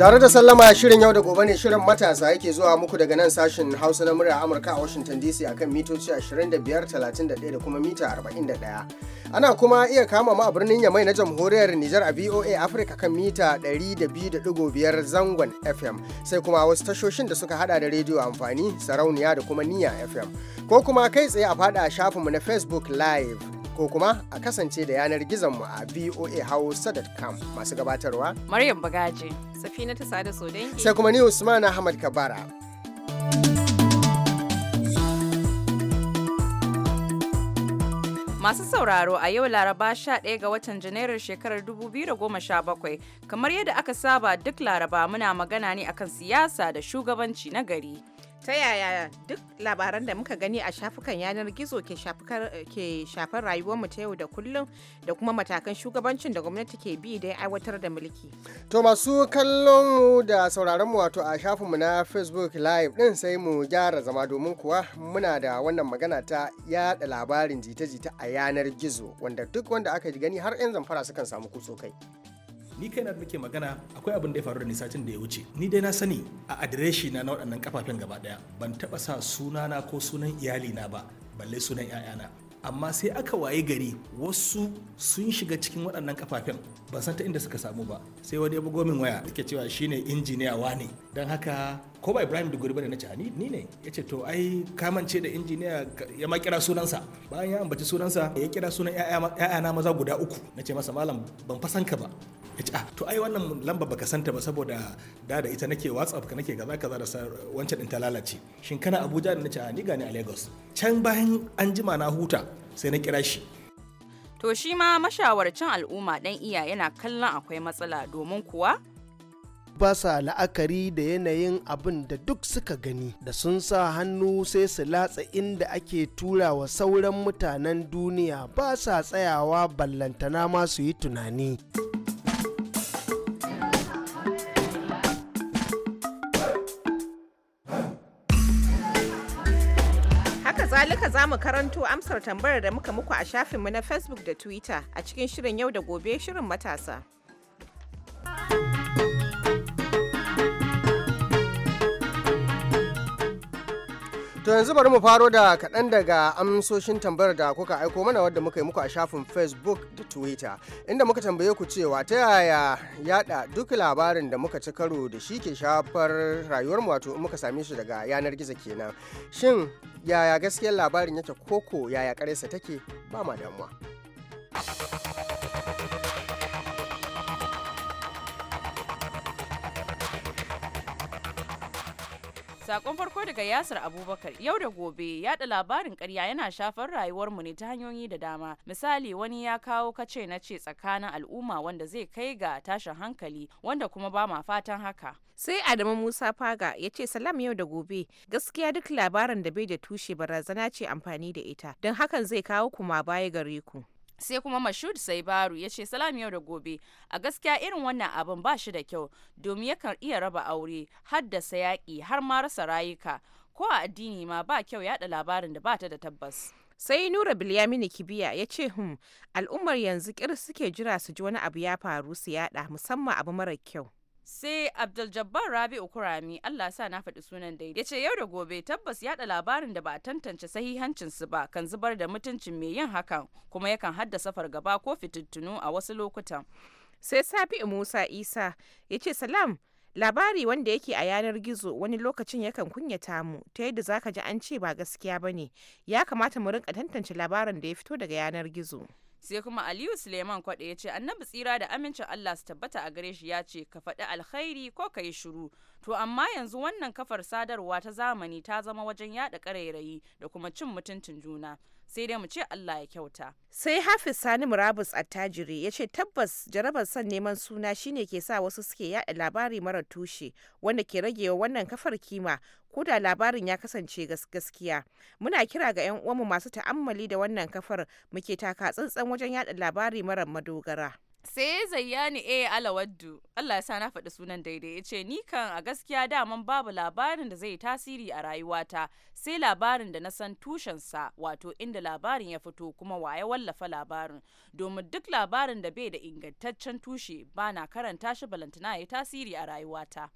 Tare da sallama shirin yau da gobe ne shirin matasa yake zuwa muku daga nan sashin Hausa na murya Amurka a Washington DC akan mitoci 25, 31 da kuma mita 41. Ana kuma iya kama ma a birnin Yamai na jamhuriyar Nijar a VOA Africa kan mita 102.5 zangon FM sai kuma wasu tashoshin da suka hada da rediyo amfani, sarauniya da kuma niyya FM. Ko kuma kai tsaye a fada shafinmu na Facebook Live. ko kuma a kasance da yanar gizonmu a voahausa.com masu gabatarwa Maryam Bagaji Safina ta sada Sodanki sai kuma ni Usman Ahmad Kabara Masu sauraro a yau Laraba 11 ga watan Janairun shekarar 2017 kamar yadda aka saba duk Laraba muna magana ne akan siyasa da shugabanci na gari. ta yaya duk labaran da muka gani a shafukan yanar gizo ke shafar rayuwarmu ta yau da kullum da kuma matakan shugabancin da gwamnati ke bi don aiwatar da mulki. To masu kallon mu da sauraron mu wato a shafinmu na Facebook Live din sai mu gyara zama domin kuwa muna da wannan magana ta yada labarin jita-jita a yanar gizo wanda duk wanda aka gani har 'yan zamfara sukan samu kuso kai. ni kaina da muke magana akwai abin da ya faru da nisa da ya wuce ni dai na sani a adireshi na na waɗannan kafafen gaba ɗaya ban taɓa sa sunana ko sunan iyalina ba balle sunan 'ya'yana amma sai aka waye gari wasu sun shiga cikin waɗannan kafafen ban san ta inda suka samu ba sai wani ya bugo min waya suke cewa shine injiniya ne don haka ko ba ibrahim duguri bane na ce ni ne ya ce to ai kamance da injiniya ya ma kira sunansa bayan ya ambaci sunansa ya kira sunan ya'ya na maza guda uku na ce masa malam ban fasan ka ba ya ce to ai wannan lamba baka santa ba saboda da da ita nake whatsapp ka nake gaza kaza da wancan din ta lalace shin kana abuja da na ce ni gani a lagos can bayan an jima na huta sai na kira shi to shi ma mashawarcin al'umma dan iya yana kallon akwai matsala domin kuwa ba sa la'akari da yanayin abin da duk suka gani da sun sa hannu sai su latsa inda ake tura wa sauran mutanen duniya ba sa tsayawa ballantana ma su yi tunani. zalika za mu karanto amsar tambayar da muka muku a shafinmu na facebook da twitter a cikin shirin yau da gobe shirin matasa To yanzu bari mu faro da kaɗan daga amsoshin tambayar da kuka aiko mana wadda muka yi muku a shafin Facebook da Twitter inda muka tambaye ku cewa ta yaya yada duk labarin da muka ci karo da shi ke shafar rayuwar wato muka same shi daga yanar gizo kenan. Shin yaya gaskiyar labarin yake koko yaya karesa take ba ma damuwa. Sakon farko daga Yasir Abubakar yau da gobe yada labarin karya yana shafar rayuwarmu ne ta hanyoyi da dama. Misali wani ya kawo kace na ce tsakanin al'umma wanda zai kai ga tashin hankali wanda kuma ba ma fatan haka. Sai Adamu Musa Faga ya ce salam yau da gobe gaskiya duk labarin da bai da tushe barazana ce amfani da ita don hakan zai kawo kuma baya gare ku. sai kuma mashud sai baru ya ce salam yau da gobe a gaskiya irin wannan abin ba shi da kyau domin yakan iya raba aure haddasa yaƙi har ma rasa rayuka ko a addini ma ba kyau yaɗa labarin da bata da tabbas sai nura bilyamini kibiya ya ce hum al'ummar yanzu kir suke jira su ji wani abu ya faru su yaɗa musamman abu mara kyau sai abdul-jabbar rabi'u kurami allah sa na faɗi sunan dai ya ce yau da gobe tabbas yada labarin da ba a tantance sahihancinsu ba kan zubar da mutuncin mai yin hakan kuma yakan haddasa fargaba ko fitittunu a wasu lokutan sai safi'u musa isa ya ce salam labari wanda yake a yanar gizo wani lokacin yakan kunyata mu ta yadda zaka ji an ce ba gaskiya bane ya kamata mu rinka tantance labarin da ya fito daga yanar gizo sai kuma aliyu suleiman kwaɗe ya ce annabi tsira da amincin allah su tabbata a gare shi ya ce ka faɗi alkhairi ko ka yi shiru To amma yanzu wannan kafar sadarwa ta zamani ta zama wajen yada karairayi da kuma cin mutuncin juna. Sai dai mu ce Allah ya kyauta. Sai Hafiz Sani Murabus Attajiri ya ce tabbas jarabar son neman suna shine ke sa wasu suke yada labari mara tushe wanda ke ragewa wannan kafar kima ko da labarin ya kasance gaskiya muna kira ga 'yan uwanmu masu ta'ammali da wannan kafar muke taka tsantsan wajen yada labari mara madogara. sai zayyani a alawaddu allah ya sa na faɗi sunan daidai ya ce ni kan a gaskiya daman babu labarin da zai tasiri a rayuwata sai labarin da na san tushensa wato inda labarin ya fito kuma wa ya wallafa labarin domin duk labarin da bai da ingantaccen tushe ba na karanta shi balantana ya tasiri a rayuwata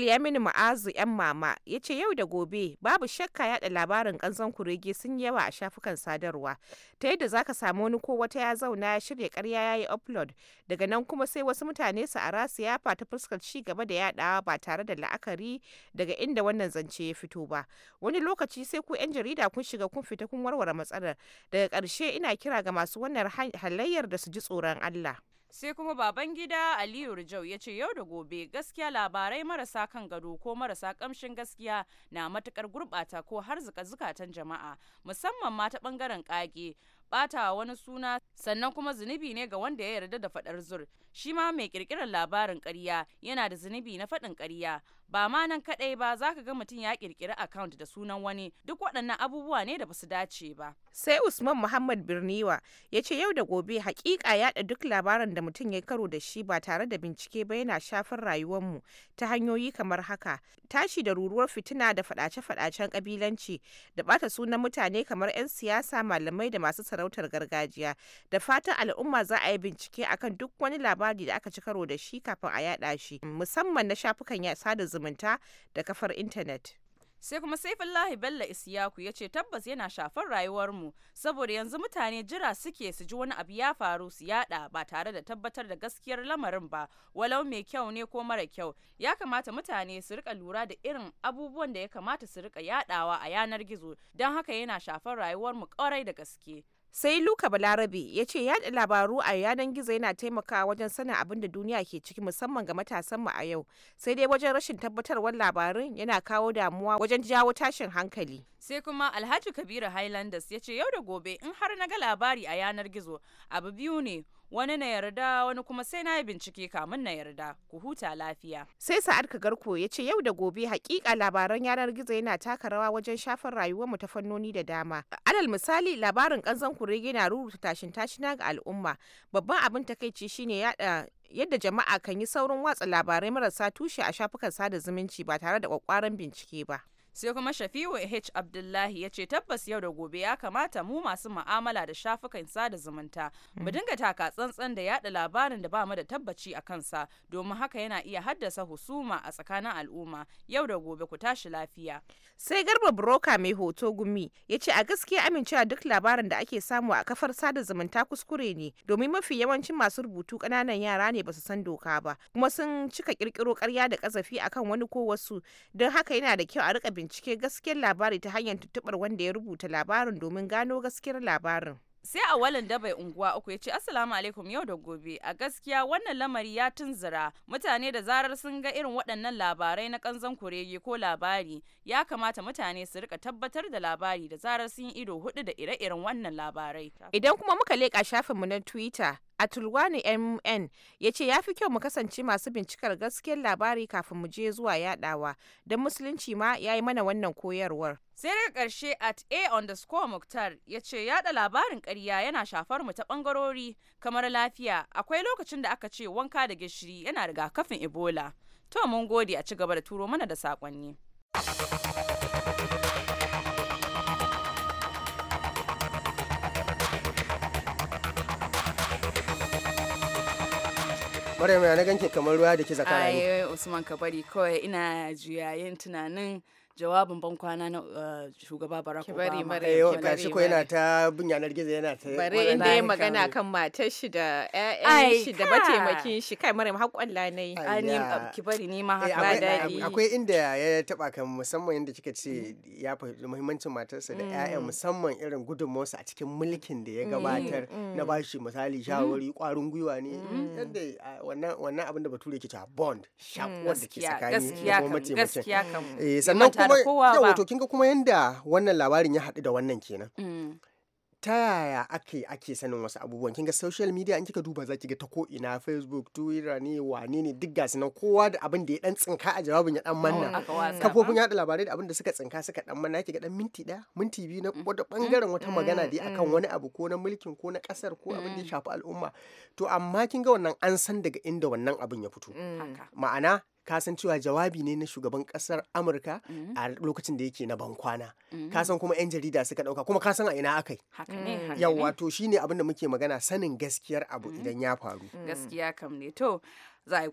ya mini ma'azu yan mama ya ce yau da gobe babu shakka yada labarin kanzon kurege sun yawa a shafukan sadarwa ta yadda zaka samu wani ko wata ya zauna ya shirya karya ya yi upload daga nan kuma sai wasu mutane su a ya yafa ta fuskar ci gaba da yadawa ba tare da la'akari daga inda wannan zance ya fito ba wani lokaci sai ku yan jarida kun shiga kun fita kun warware matsalar daga ƙarshe ina kira ga masu wannan halayyar da su ji tsoron Allah. sai kuma baban gida aliyu rijau ya ce yau da gobe gaskiya labarai marasa kan gado ko marasa kamshin gaskiya na matukar gurbata ko har zukatan jama'a musamman ma ta bangaren kage bata wani suna sannan kuma zunubi ne ga wanda ya yarda da fadar zur shi ma mai kirkirar labarin ƙarya yana da zunubi na faɗin ƙarya ba ma nan kaɗai ba za ka ga mutum ya kirkiri account da sunan wani duk waɗannan abubuwa ne da basu dace ba. Sai Usman Muhammad Birniwa ya ce yau da gobe hakika yaɗa duk labaran da mutum ya karo da shi ba tare da bincike ba yana shafin rayuwarmu ta hanyoyi kamar haka tashi da ruruwar fitina da fadace-fadacen kabilanci da bata sunan mutane kamar 'yan siyasa malamai da masu sarautar gargajiya da fatan al'umma za a yi bincike akan duk wani labari da aka ci karo da shi kafin a yaɗa shi musamman na shafukan sada zuma. zumunta da kafar intanet. sai kuma saifullahi bello isiyaku ya ce tabbas yana shafar rayuwarmu saboda yanzu mutane jira suke su ji wani abu ya faru su yada ba tare da tabbatar da gaskiyar lamarin ba walau mai kyau ne ko mara kyau ya kamata mutane su rika lura da irin abubuwan da ya kamata su rika yadawa a yanar gizo don haka yana shafar rayuwarmu kwarai da gaske sai luka balarabe ya ce yada labaru a yanar gizo yana taimakawa wajen sanin abin da duniya ke ciki musamman ga matasanmu a yau sai dai wajen rashin tabbatarwar labarin yana kawo damuwa wajen jawo tashin hankali sai kuma alhaji kabiru highlanders ya ce yau da gobe in har na ga labari a yanar gizo abu biyu ne wani na yarda wani kuma sai na yi bincike kamun na yarda ku huta lafiya. Sai Sa'ad garko ya ce yau da gobe hakika labaran yanar gizo yana taka rawa wajen shafar rayuwar mu ta fannoni da dama. Alal misali labarin kanzan kurege na rubuta tashin tashina ga al'umma. Babban abin takaici shine yada yadda jama'a kan yi saurin watsa labarai marasa tushe a shafukan sada zumunci ba tare da kwakwaran bincike ba. sai kuma shafi'u h abdullahi ya ce tabbas yau da gobe ya kamata mu masu ma'amala da shafukan sada zumunta mu mm. dinga taka tsantsan da yada labarin da ba mu da tabbaci a kansa domin haka yana iya haddasa husuma a tsakanin al'umma yau da gobe ku tashi lafiya sai garba broka mai hoto gumi ya ce a gaskiya amincewa duk labarin da ake samu a kafar sada zumunta kuskure ne domin mafi yawancin masu rubutu kananan yara ne ba su san doka ba kuma sun cika kirkiro karya da kazafi akan wani ko wasu don haka yana da kyau a rika bincike gaskiyar labari ta hanyar tuttubar wanda ya rubuta labarin domin gano gaskiyar labarin. sai a walin dabai unguwa uku ya ce assalamu alaikum yau da gobe a gaskiya wannan lamari ya tunzura mutane da zarar sun ga irin waɗannan labarai na ƙanzan kurege ko labari ya kamata mutane su rika tabbatar da labari da zarar sun yi ido hudu da ire-iren wannan labarai idan kuma muka leƙa shafinmu na twitter a tulwani MN ya ce ya fi kyau mu kasance masu bincikar gaskiyar labari kafin mu je zuwa yadawa don musulunci ma ya yi mana wannan koyarwar. sai daga ƙarshe at a underscore muktar ya ce yada labarin karya yana shafar mu ta ɓangarori kamar lafiya akwai lokacin da aka ce wanka da gishiri yana rigakafin ebola to mun gode a ci gaba da turo mana da saƙonni. Maryam ya na ganke kamar ruwa da ke zakarani. Ai Usman ka bari kawai ina juyayen tunanin jawabin ban kwana na uh, shugaba Barack Obama. Ki bari ko yana ta bin yanar gizo yana ta bare in dai magana kan matar shi da ƴaƴan shi da mataimakin shi kai Maryam har kwalla nayi. Ani ki bari ni ma eh, haka dadi. Akwai inda ya taba kan musamman inda kika ce mm. ya fi muhimmancin matarsa da ƴaƴan mm. musamman irin gudunmawarsa a cikin mulkin da ya mm. gabatar na ba shi misali shawari kwarin gwiwa ne yadda wannan abin da bature ke cewa bond shaf wanda ke tsakani da kuma mataimakin. Eh, sannan kuma kinga kuma yanda wannan labarin ya haɗu da wannan kenan mm. ta yaya ake ake sanin wasu abubuwan kinga social media in kika duba zaki ga ta ko ina facebook twitter ne wane ne duk gasu nan kowa da abin da ya dan tsinka a jawabin ya dan manna kafofin yada labarai da abin da suka tsinka suka dan manna kiga dan minti daya minti biyu na mm. wata bangaren wata mm. magana dai akan wani abu ko na mulkin ko na kasar ko abin da ya shafi al'umma to amma kinga wannan an san daga inda wannan abin ya fito ma'ana ka san cewa jawabi ne na shugaban kasar amurka mm. a lokacin da yake na bankwana mm. ka san kuma 'yan jarida suka dauka kuma ka san a ina akai yau wato shine abin da muke magana sanin gaskiyar abu mm. idan ya faru gaskiya kam ne to za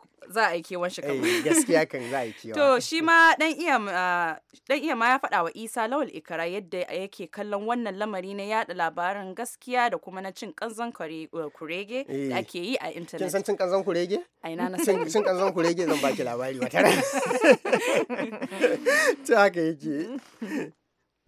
a yi kewan shi kamar. Eh, gaskiya kan za a yi kewa. To shi ma dan ah, iya ma ya faɗa wa Isa Lawal Ikara yadda yake kallon wannan lamari na yada labarin gaskiya da kuma na cin kanzon eh, kurege da eh. ake yi a intanet. Kin san cin kanzon kurege? A ina na san. Cin kanzon kurege zan baki labari wata ran. Ta haka yake.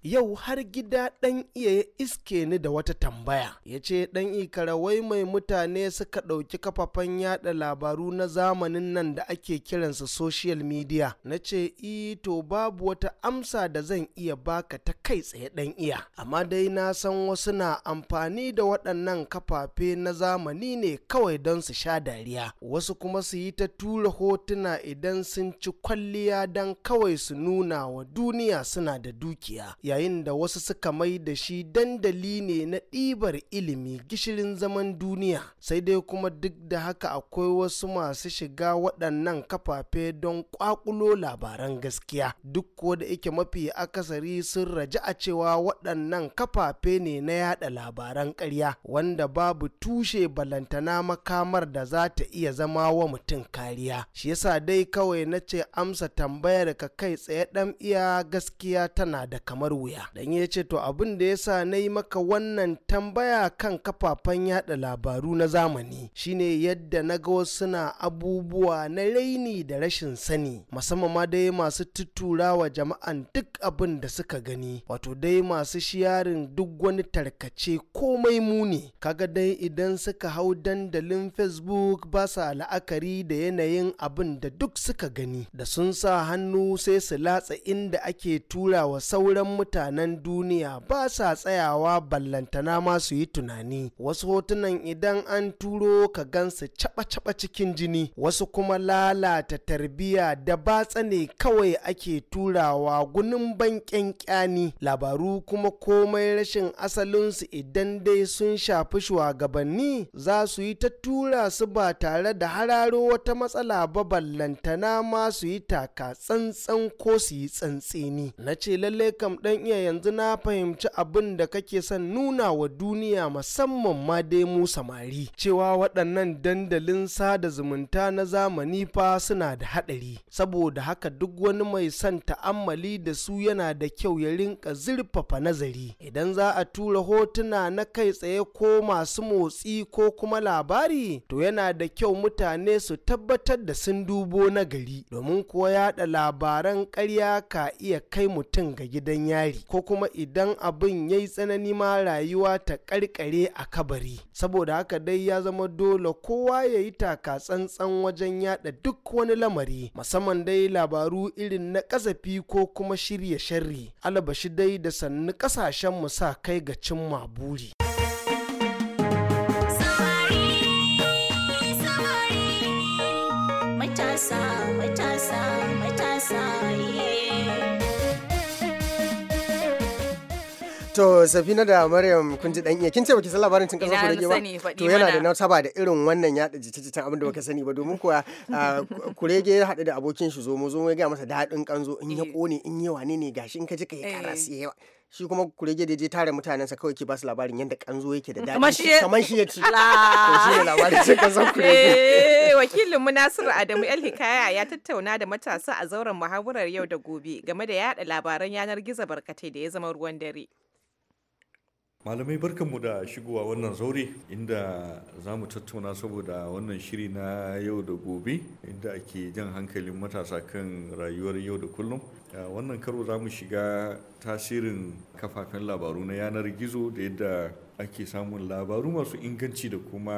yau har gida ɗan iya ya iske ni da wata tambaya ya ce ɗan wai mai mutane suka ɗauki kafafen yada labaru na zamanin nan da ake kiransa social media na ce e, to babu wata amsa da zan iya baka ta kai tsaye ɗan iya amma dai na san wasu na amfani da waɗannan kafafe na zamani ne kawai don su sha dariya wasu kuma su yi ta tura hotuna idan sun ci kwalliya don kawai su nuna wa duniya suna da dukiya yayin da wasu suka mai da shi dandali ne na ɗibar ilimi gishirin zaman duniya sai dai kuma duk da haka akwai wasu masu shiga waɗannan kafafe don ƙwaƙulo labaran gaskiya duk ko da yake mafi akasari sun raji a cewa waɗannan kafafe ne na yada labaran ƙarya wanda babu tushe balantana makamar da za ta iya zama wa mutum kariya shi yasa dai kawai na ce amsa tambayar ka kai tsaye ɗan iya gaskiya tana da kamar wuya dan ya ce to abin da yasa na yi maka wannan tambaya kan kafafen yada labaru na zamani shine yadda na ga wasu na abubuwa na raini da rashin sani musamman ma dai masu tuttura wa jama'an duk abin da suka gani wato dai masu shiyarin duk wani tarkace komai muni kaga dai idan suka hau dandalin facebook ba sa la'akari da yanayin abin da duk suka gani da sun sa hannu sai su latsa inda ake tura wa sauran mutane mutanen duniya ba sa tsayawa ballantana ma yi tunani wasu hotunan idan an turo ka gansu caba-caba cikin jini wasu kuma lalata tarbiya da batsa ne kawai ake turawa gunin ban kyani labaru kuma komai rashin asalinsu idan dai sun shafi shugabanni za su yi ta tura su ba tare da hararo wata matsala ba ballantana ma su yi taka tsantsan ko su yi tsantseni na ce lallai kam dan!" iya yanzu na fahimci abin da kake son nuna wa duniya musamman ma dai mu samari cewa waɗannan dandalin sada zumunta na zamani fa suna da haɗari saboda haka duk wani mai son ta'ammali da su yana da kyau ya rinka zurfafa nazari idan za a tura hotuna na kai tsaye ko masu motsi ko kuma labari to yana da kyau mutane su tabbatar da sun dubo na gari domin kuwa yada labaran ƙarya ka iya kai mutum ga gidan yari kabari ko kuma idan abin ya yi tsanani ma rayuwa ta karkare a kabari saboda haka dai ya zama dole kowa ya yi taka tsantsan wajen yada duk wani lamari musamman dai labaru irin na kasafi ko kuma shirya sharri alabashi dai da sannu ƙasashen mu sa kai ga cimma buri. To Safina da Maryam kun ji dan iya kin ce baki san labarin cin kasa ko rage ba. To yana da ba da irin wannan yada jita-jitan abin da baka sani ba domin kuwa ah, kurege ya haɗu da abokin shi zo mu zo ya ga masa daɗin kanzo in ya kone eh. in ya wane ne gashi in ka ji kai kana siye yawa. shi kuma kurege da je tare sa kawai ke ba su labarin yadda kanzo yake da dadi kamar shi ya ci to shi ne labarin cin kanzon kurege eh, wakilin munasir Adamu El Hikaya ya tattauna da matasa a zauren muhawarar yau da gobe game da yada labaran yanar gizo barkatai da ya zama ruwan dare malamai barkanmu da shigowa wannan zaure inda za mu tattauna saboda wannan shiri na yau da gobe inda ake jan hankalin matasa kan rayuwar yau da kullum wannan karo za mu shiga tasirin kafafen labaru na yanar gizo da yadda ake samun labaru masu inganci da kuma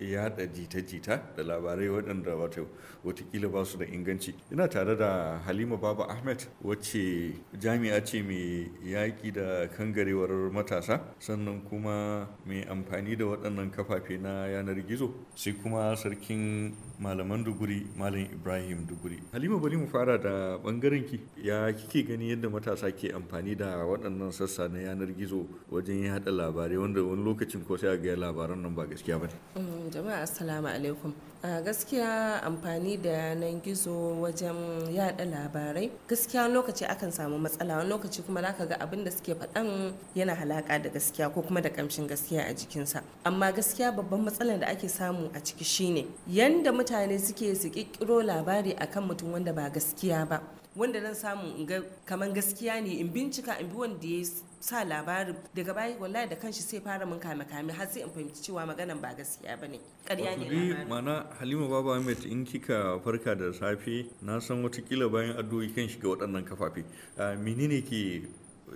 yada jita-jita da labarai waɗanda wata watakila ba su da inganci ina tare da halima baba ahmed wacce jami'a ce mai yaƙi da kangarewar matasa sannan kuma mai amfani da waɗannan kafafe na yanar gizo sai kuma sarkin malaman duguri malam ibrahim duguri halima bari mu fara da ɓangaren ki ya kike gani yadda matasa ke amfani da waɗannan sassa na yanar gizo wajen yaɗa labarai wanda wani lokacin ko sai ga labaran nan ba gaskiya ba ne mm, jama'a assalamu alaikum a gaskiya amfani da yanan gizo wajen yada labarai gaskiya lokaci akan samu matsala wani lokaci kuma zaka ga abin da suke faɗan yana halaka da gaskiya ko kuma da kamshin gaskiya a jikinsa amma gaskiya babban matsalar da ake samu a ciki shine yanda mutane suke su kirkiro labari akan mutum wanda ba gaskiya ba wanda zan samu in ga kamar gaskiya ne in bincika in bi wanda ya sa labari daga baya wallahi da kanshi sai fara mun kame kame har sai in fahimci cewa maganan ba gaskiya ba ne. ƙarya ne labarin mana Halima Baba Ahmed in kika farka da safe na san watakila bayan addu'o'i kan shiga waɗannan kafafe ah, menene ke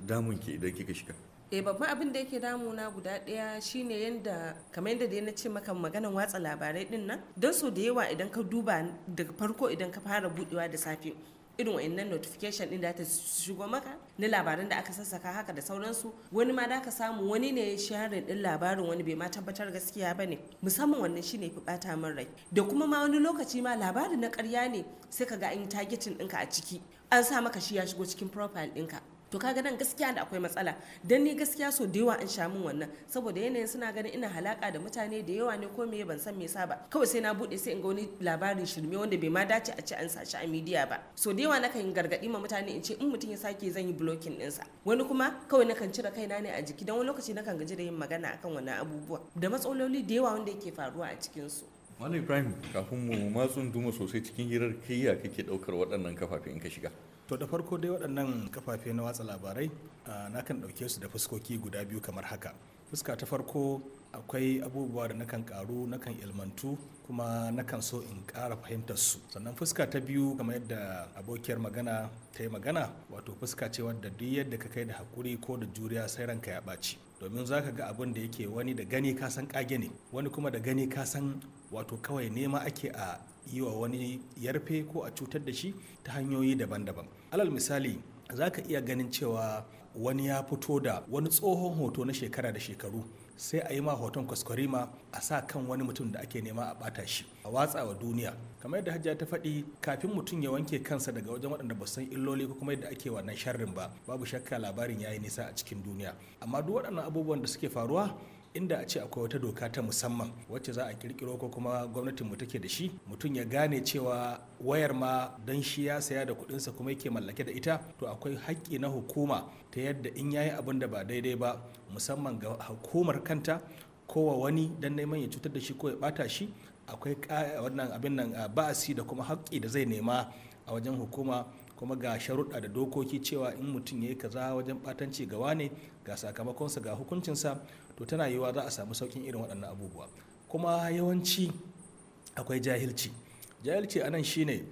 damun ki idan kika shiga eh babban abin da yake damuna guda ɗaya shine yanda kamar yadda dai na ce maka maganan watsa labarai din nan don so da yawa idan ka duba daga farko idan ka fara budewa da safe irin wa'annan notification din da ta shigo maka na labaran da aka sassaka haka da sauransu wani ma da ka samu wani ne ya share din labarin wani bai ma tabbatar gaskiya bane musamman wannan shine fi bata min rai da kuma ma wani lokaci ma labarin na ƙarya ne sai ka ga an yi targeting ɗinka a ciki an sa maka shi ya shigo cikin profile ɗinka to kaga nan gaskiya da akwai matsala dan ni gaskiya so da yawa an sha min wannan saboda yanayin suna ganin ina halaka da mutane da yawa ne ko me ban san me yasa ba kawai sai na bude sai in ga wani labarin shirme wanda bai ma dace a ce an sashi a media ba so da yawa nakan gargadi ma mutane in ce in mutum ya sake zan yi blocking sa wani kuma kawai nakan cire kaina ne a jiki dan wani lokaci nakan gaji da yin magana akan wannan abubuwa da matsaloli da yawa wanda yake faruwa a cikin su Malam Ibrahim kafin mu matsun duma sosai cikin hirar ya kake daukar waɗannan kafafe in ka shiga to da farko dai waɗannan kafafe na watsa labarai ah, na kan ɗauke su da fuskoki guda biyu kamar haka fuska ta farko akwai abubuwa da nakan karu nakan ilmantu kuma nakan so in ƙara fahimtar su sannan fuska ta biyu kamar yadda abokiyar magana ta yi magana wato fuska ce wadda duk yadda ka kai da hakuri ko da juriya sai ranka ya ɓaci domin za ka ga abin da yake wani da gani ka san ƙage ne wani kuma da gani ka san wato kawai nema ake a yi wa wani yarfe ko a cutar da shi ta hanyoyi daban-daban alal misali za ka iya ganin cewa wani ya fito da wani tsohon hoto na shekara da shekaru sai a yi ma hoton kwaskwarima a sa kan wani mutum da ake nema a bata shi a watsa wa duniya kamar yadda hajjia ta faɗi kafin mutum ya wanke kansa daga wajen waɗanda ba san illoli ko kuma yadda ake wannan sharrin ba babu shakka labarin ya yi nisa a cikin duniya amma duk waɗannan abubuwan da suke faruwa inda a ce akwai wata doka ta musamman wacce za a kirkiro ko kuma mu take da shi mutum ya gane cewa wayar ma dan shi ya saya da kuɗinsa kuma yake mallake da ita to akwai haƙƙi na hukuma ta yadda in yayi abin da ba daidai ba musamman ga hukumar kanta kowa wani don neman ya cutar da shi ko ya bata shi akwai wannan abin nan ba'asi da kuma haƙƙi da zai nema a wajen hukuma kuma ga sharuɗa da dokoki cewa in mutum ya yi kaza wajen ɓatanci gawa ne ga sakamakonsa ga hukuncinsa to tana yiwuwa za a samu saukin irin waɗannan abubuwa kuma yawanci akwai jahilci jahilci anan shine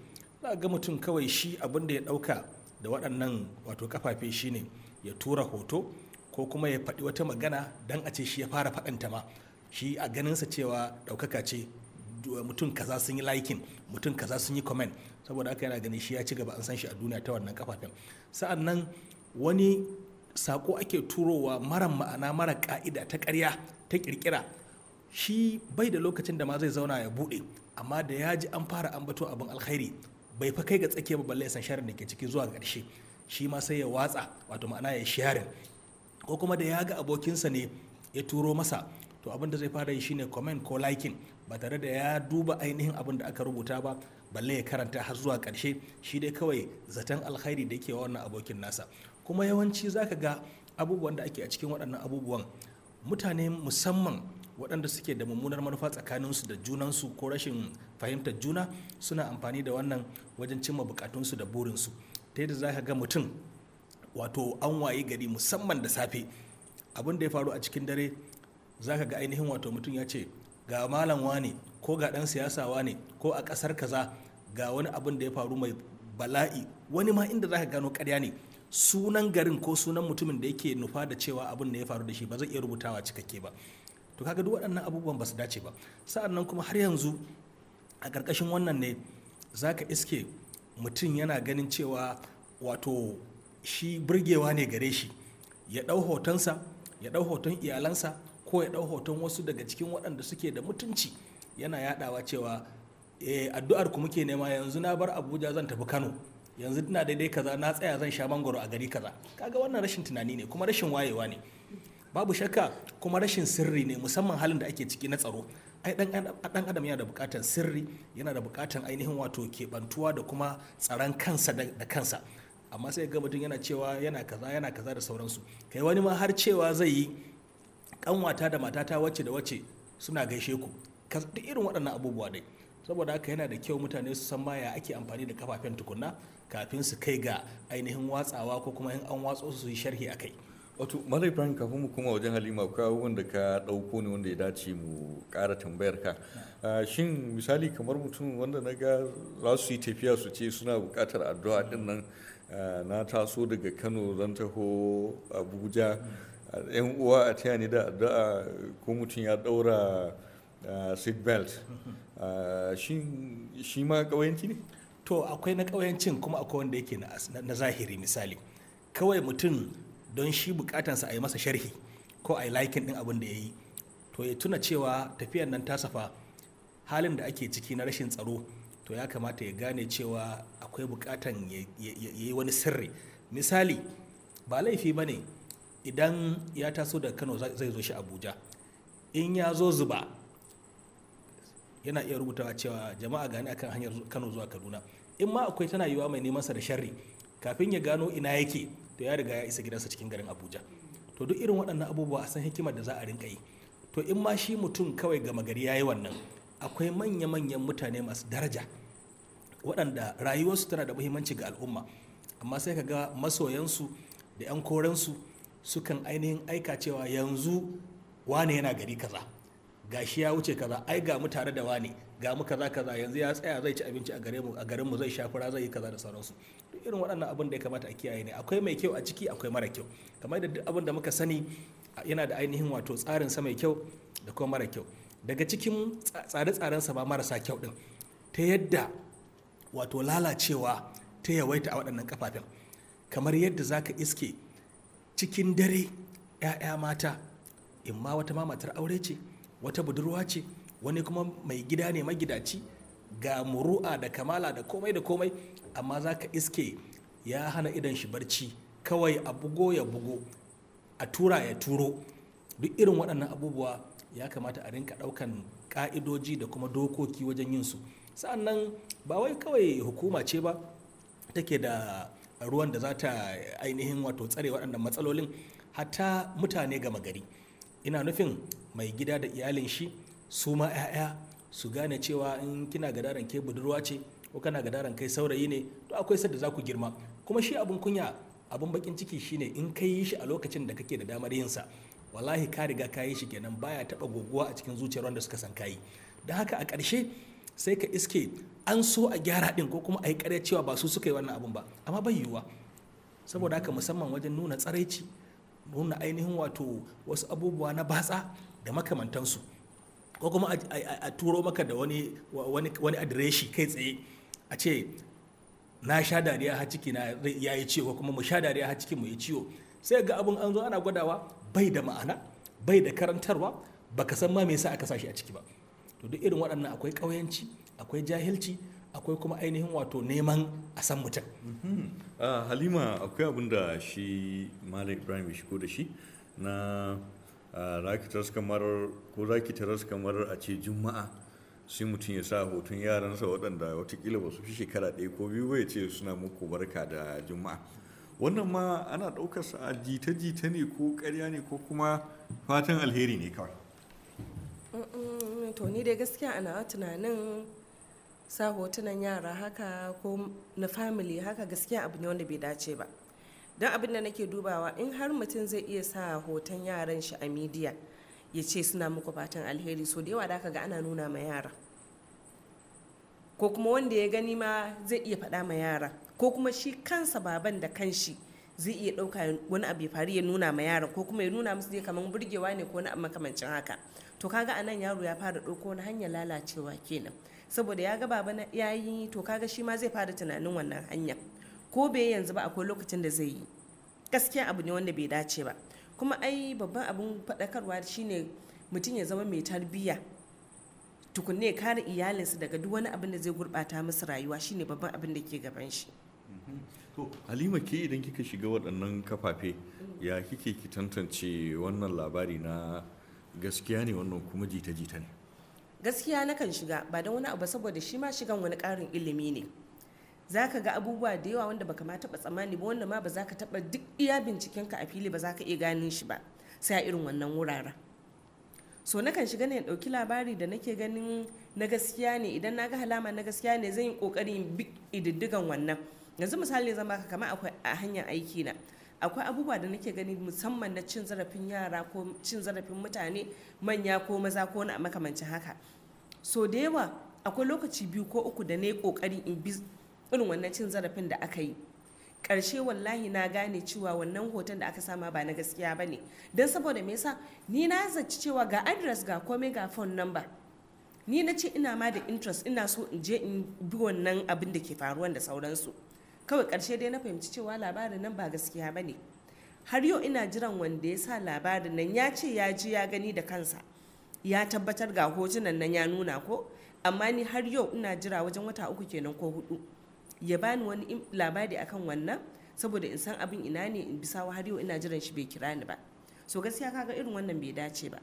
za ga mutum kawai shi abin da ya ɗauka da waɗannan wato kafafe shine ya tura hoto ko kuma ya faɗi wata magana don a ce shi ya fara faɗanta ma shi a ganinsa cewa ɗaukaka ce mutum kaza sun yi liking mutum kaza sun yi comment saboda aka yana gani shi ya ci gaba an san shi a duniya ta wannan kafafen sa'an nan wani sako ake turowa mara ma'ana mara ka'ida ta karya ta ƙirƙira shi bai da lokacin da ma zai zauna ya buɗe amma da ya ji an fara ambato abin alkhairi bai fa kai ga tsakiya ba balle san sharin da ke ciki zuwa ƙarshe shi ma sai ya watsa wato ma'ana ya sharin ko kuma da ya ga abokinsa ne ya turo masa to abin da zai fara yi shine comment ko liking ba tare da ya duba ainihin abin da aka rubuta ba balle ya karanta har zuwa ƙarshe shi dai kawai zaton alkhairi da yake wa wannan abokin nasa kuma yawanci za ka ga abubuwan da ake a cikin waɗannan abubuwan mutane musamman waɗanda suke da mummunar manufa tsakaninsu da junansu ko rashin fahimtar juna suna amfani da wannan wajen cimma bukatunsu da burinsu ta yadda za ka ga mutum wato an waye gari musamman da safe abin da ya faru a cikin dare za ka ga ainihin wato mutum ya ce ga malam wane ko ga ɗan siyasa wane ko a ƙasar kaza ga wani abin da ya faru mai bala'i wani ma inda za ka gano ƙarya ne sunan garin ko sunan mutumin da yake nufa da cewa abin da ya faru da shi ba zai iya rubutawa cikakke ba to kaga duk waɗannan abubuwan ba su dace ba sa'an nan kuma har yanzu a ƙarƙashin wannan ne za ka iske mutum yana ganin cewa wato shi burgewa ne gare shi ya ɗau hotonsa ya ɗau hoton iyalansa ko ya ɗau hoton wasu daga cikin waɗanda suke da mutunci yana yaɗawa cewa eh, addu'ar ku muke nema yanzu na bar abuja zan tafi kano yanzu na daidai kaza na tsaya zan sha mangoro a gari kaza kaga wannan rashin tunani ne kuma rashin wayewa ne babu shakka kuma rashin sirri ne musamman halin da ake ciki na tsaro ai dan adam yana da bukatar sirri yana da bukatar ainihin wato keɓantuwa da kuma tsaron kansa da kansa amma sai ga mutum yana cewa yana kaza yana kaza da sauransu kai wani ma har cewa zai yi kanwata da matata wacce da wacce suna gaishe ku duk irin waɗannan abubuwa dai saboda haka yana da kyau mutane su san maya ake amfani da kafafen tukunna kafin su kai ga ainihin watsawa ko kuma yin an watso su yi sharhi akai wato malai ibrahim kafin mu kuma wajen halima ka wanda ka dauko ne wanda ya dace mu kara tambayar ka ah, shin misali kamar mutum wanda na ga za su yi tafiya su ce suna bukatar addu'a din nan ah, na taso daga kano zan taho abuja hmm. ah, yan uwa a taya ni da addu'a ko mutum ya daura Uh, seat belt uh, shi ma ƙauyanci ne to akwai na ƙauyancin kuma akwai wanda yake na zahiri misali kawai mutum don shi bukatansa a yi masa sharhi ko a yi laikin ɗin abin da ya yi to ya tuna cewa tafiyar nan ta safa halin da ake ciki na rashin tsaro to ya kamata ya gane cewa akwai bukatan ya yi wani sirri misali ba laifi ba ne idan ya taso daga kano zai zo shi abuja in ya zo zuba yana iya rubutawa cewa jama'a gani akan hanyar kano zuwa kaduna in ma akwai tana yiwa mai neman sa da sharri kafin ya gano ina yake to ya riga ya isa gidansa cikin garin abuja to duk irin waɗannan abubuwa a san hikimar da za a rinka yi to in ma shi mutum kawai gama gari ya yi wannan akwai manya-manyan mutane masu daraja waɗanda rayuwarsu tana da muhimmanci ga al'umma amma sai ka ga masoyansu da 'yan korensu sukan ainihin aika cewa yanzu wane yana gari kaza gashi ya wuce kaza ai ga mu tare da wani ga mu kaza kaza yanzu ya tsaya zai ci abinci a gare mu a garin mu zai sha fura zai yi kaza da sauransu duk irin waɗannan abin da ya kamata a kiyaye ne akwai mai kyau a ciki akwai mara kyau kamar da duk abin da muka sani yana da ainihin wato tsarin sa mai kyau da kuma mara kyau daga cikin tsare-tsaren sa ba marasa kyau din ta yadda wato lalacewa ta yawaita a waɗannan kafafen kamar yadda zaka iske cikin dare 'ya'ya mata in ma wata ma aure ce wata budurwa ce wani kuma mai gida ne magidaci ga muru'a da kamala da komai da komai amma za ka iske ya hana idan shi barci kawai a bugo ya bugo a tura ya turo duk irin waɗannan abubuwa ya kamata a rinka ɗaukan ƙa'idoji da kuma dokoki wajen yin su sa'annan ba wai kawai hukuma ce ba take da ruwan da za ta ainihin wato tsare waɗannan matsalolin hatta mutane gama gari ina nufin mai gida da iyalin shi su ma 'ya'ya su gane cewa in kina gadaran ke budurwa ce ko kana gadaran kai saurayi ne to akwai sadda za ku girma kuma shi abun kunya abun bakin ciki shine in kai yi shi a lokacin da kake da damar yin sa wallahi ka riga ka yi shi kenan baya taba goguwa a cikin zuciyar wanda suka san kayi don haka a ƙarshe sai ka iske an so a gyara din ko kuma a yi ƙarya cewa ba su suka yi wannan abun ba amma bai yiwuwa saboda haka musamman wajen nuna tsaraici nuna ainihin wato wasu abubuwa na batsa da makamantansu ko kuma a turo maka da wani adireshi kai tsaye a ce na sha dariya har ciki ya yi ciwo kuma mu sha dariya har ciki mu yi ciwo sai ga abun an zo ana gwadawa bai da ma'ana bai da karantarwa baka san ma me yasa aka sashi a ciki ba to duk irin waɗannan akwai ƙauyanci akwai jahilci akwai kuma ainihin wato neman a san mutum mm-hmm. ah, halima akwai abin da shi malam ibrahim shigo da shi na raki ta kamar ko za ki kamar a ce juma'a sai mutum ya sa hoton yaransa waɗanda watakila ba su fi shekara ɗaya ko biyu ba ce suna muku barka da juma'a wannan ma ana ɗaukar sa a jita-jita ne ko ƙarya ne ko kuma fatan alheri ne kawai to ni dai gaskiya ana tunanin sa hotunan yara haka ko na family haka gaskiya abu ne wanda bai dace ba don abin da nake dubawa in har mutum zai iya sa hoton yaran shi a midiya ya ce suna muku fatan alheri so da yawa da aka ga ana nuna ma yara ko kuma wanda ya gani ma zai iya faɗa ma yara ko kuma shi kansa baban da kanshi zai iya ɗauka wani abu ya faru ya nuna ma yara ko kuma ya nuna musu zai kamar burgewa ne ko wani makamancin haka to kaga a nan yaro ya fara ɗauko na hanyar lalacewa kenan saboda ya ga baba na yi to kaga shi ma zai fara tunanin wannan hanyar ko bai yanzu ba akwai lokacin da zai yi gaskiya abu ne wanda bai dace ba kuma ai babban abin faɗakarwa shine mutum ya zama mai tarbiyya tukunne kare iyalinsa daga duk wani abin da zai gurɓata musu rayuwa shine babban abin da ke gaban shi mhm. to halima ke idan kika shiga waɗannan kafafe ya kike ki tantance wannan labari na gaskiya ne wannan kuma jita-jita ne gaskiya nakan shiga ba don wani abu saboda shi ma shigan wani ƙarin ilimi ne za ka ga abubuwa da yawa wanda baka ma taɓa tsammani ba wanda ma ba za ka taba duk iya bincikenka a fili ba za ka iya ganin shi ba sai a irin wannan wuraren so kan shiga ne ɗauki labari da nake ganin na gaskiya ne idan na ga halama na gaskiya ne zan yi ƙoƙarin bi ididdigan wannan yanzu misali zama baka kamar akwai a hanyar aiki na akwai abubuwa da nake gani musamman na cin zarafin yara ko cin zarafin mutane manya ko maza ko na makamancin haka so da yawa akwai lokaci biyu ko uku da na yi ƙoƙari in bi irin wannan cin zarafin da aka yi ƙarshe wallahi na gane cewa wannan hoton da aka sama ba na gaskiya ba ne don saboda me yasa ni na zaci cewa ga address ga komai ga phone number ni na ce ina ma da interest ina so in je in bi wannan abin da ke faruwan da sauransu kawai ƙarshe dai na fahimci cewa labarin nan ba gaskiya ba ne har yau ina jiran wanda ya sa labarin nan ya ce ya ji ya gani da kansa ya tabbatar ga hotunan nan ya nuna ko amma ni har yau ina jira wajen wata uku kenan ko hudu ya bani wani labari akan wannan saboda in san abin ina ne in bisa har yau ina jiran shi bai kira ni ba so gaskiya kaga irin wannan bai dace ba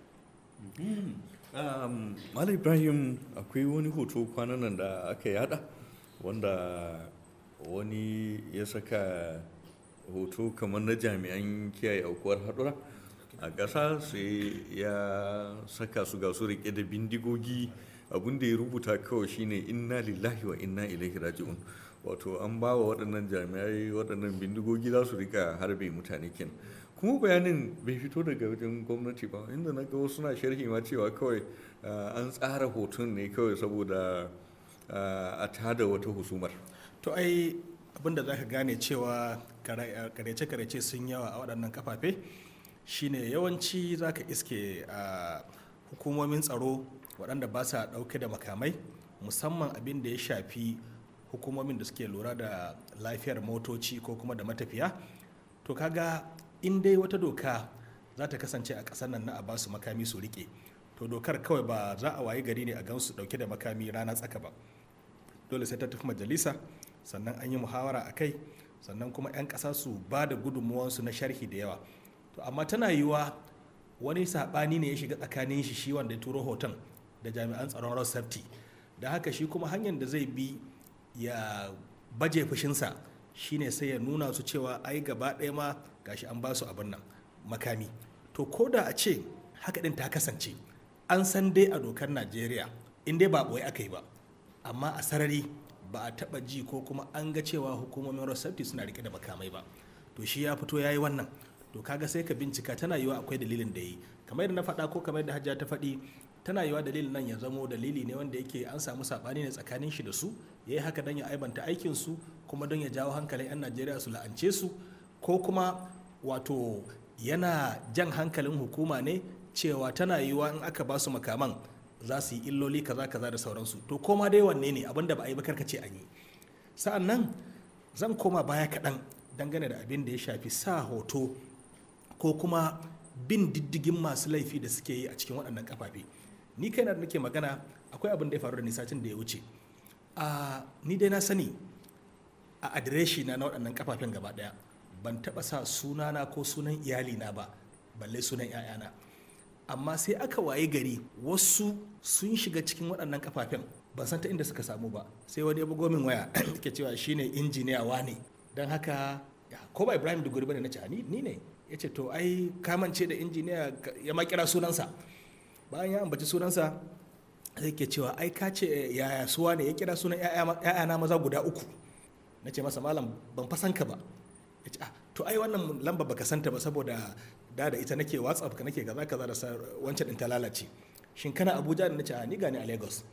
mm-hmm. um, Malam Ibrahim akwai wani hoto kwanan nan da aka yada wanda wani ya saka hoto kamar na jami'an kiyaye aukuwar haɗura a ƙasa sai ya saka su ga su rike da bindigogi abin da ya rubuta kawai shine inna lillahi wa inna ilaihi raji'un wato an ba wa waɗannan jami'ai waɗannan bindigogi za su rika harbe mutane kenan kuma bayanin bai fito daga wajen gwamnati ba inda na ga wasu na sharhi ma cewa kawai ah, an tsara hoton ne kawai saboda ah, a tada wata husumar to ai abinda za ka gane cewa karece-karece ah, sun yawa a waɗannan kafafe shine yawanci za ka iske a hukumomin tsaro waɗanda ba sa ɗauke da makamai musamman abin da ya shafi hukumomin da suke lura da lafiyar motoci ko kuma da matafiya to kaga in dai wata doka za ta kasance a ƙasar nan na a basu makami su rike to dokar kawai ba za a wayi gari ne a gansu dauke da makami rana tsaka ba dole sai ta tafi majalisa sannan an yi muhawara a kai sannan kuma 'yan ƙasa su ba da gudunmuwansu na sharhi da yawa to amma tana yiwuwa wani saɓani ne ya shiga tsakanin shi shi wanda ya turo hoton da jami'an tsaron road da haka shi kuma hanyar da zai bi ya baje fushinsa shine sai ya nuna su cewa ai gaba ɗaya ma ga shi an ba su abin nan makami to ko da a ce haka ɗin ta kasance an san dai a dokar najeriya in dai ba ɓoye aka yi ba amma a sarari ba a taɓa ji ko kuma an ga cewa hukumomin rosati suna rike da makamai ba to shi ya fito ya yi wannan to kaga sai ka bincika tana yiwa akwai dalilin da yi kamar yadda na faɗa ko kamar yadda hajja ta faɗi tana yiwa dalilin nan ya zamo dalili ne wanda yake an samu saɓani ne tsakanin shi da su ya yi haka don ya aibanta aikinsu kuma don ya jawo hankalin 'yan najeriya su la'ance su ko kuma wato yana jan hankalin hukuma ne cewa tana yiwuwa in aka ba su makaman za su yi illoli kaza kaza da sauransu to koma dai wanne ne abin da ba a yi ka ce an yi sa'an nan zan koma baya kaɗan dangane da abin da ya shafi sa hoto ko kuma bin diddigin masu laifi da suke yi a cikin waɗannan kafafe ni kaina da nake magana akwai abin da ya faru da nisa satin da ya wuce ni dai na sani a adireshi na na waɗannan kafafen gaba ɗaya ban taɓa sa sunana ko sunan iyalina ba balle sunan 'ya'yana amma sai aka waye gari wasu sun shiga cikin waɗannan kafafen ban san ta inda suka samu ba sai wani yabo gomin waya ke cewa shine injiniya ne don haka ko ba ibrahim duguri ne na ce ni ne ya ce to ai kamance da injiniya ya makira sunansa bayan ya ambaci sunansa zai ke cewa ai ka ce eh, yaya suwa ne ya kira sunan ‘ya'yana maza guda uku na ce masa malam ban fa ba ya ce ah, to ai wannan lamba baka santa ba saboda da da ita nake whatsapp ka nake kaza kaza da wancan din ta lalace shin kana abuja da nace a ah, ni gani a lagos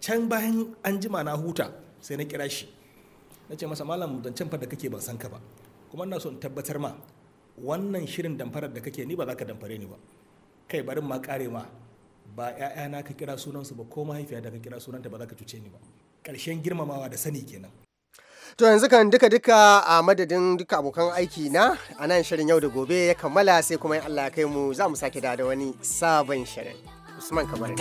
can bayan an jima na huta sai na kira shi na ce masa malam can fa da kake ban san ba kuma ina so in tabbatar ma wannan shirin damfarar da kake ni ba za ka damfare ni ba kai barin ma kare ma ba 'ya'yana ka kira sunansu ba ko mahaifiya da ka kira sunanta ba za ka cuce ni ba ƙarshen girmamawa da sani kenan To yanzu kan duka-duka a madadin duka abokan aiki na a nan shirin yau da gobe ya kammala sai kuma Allah kai mu za mu sake da wani sabon shirin. Usman kamar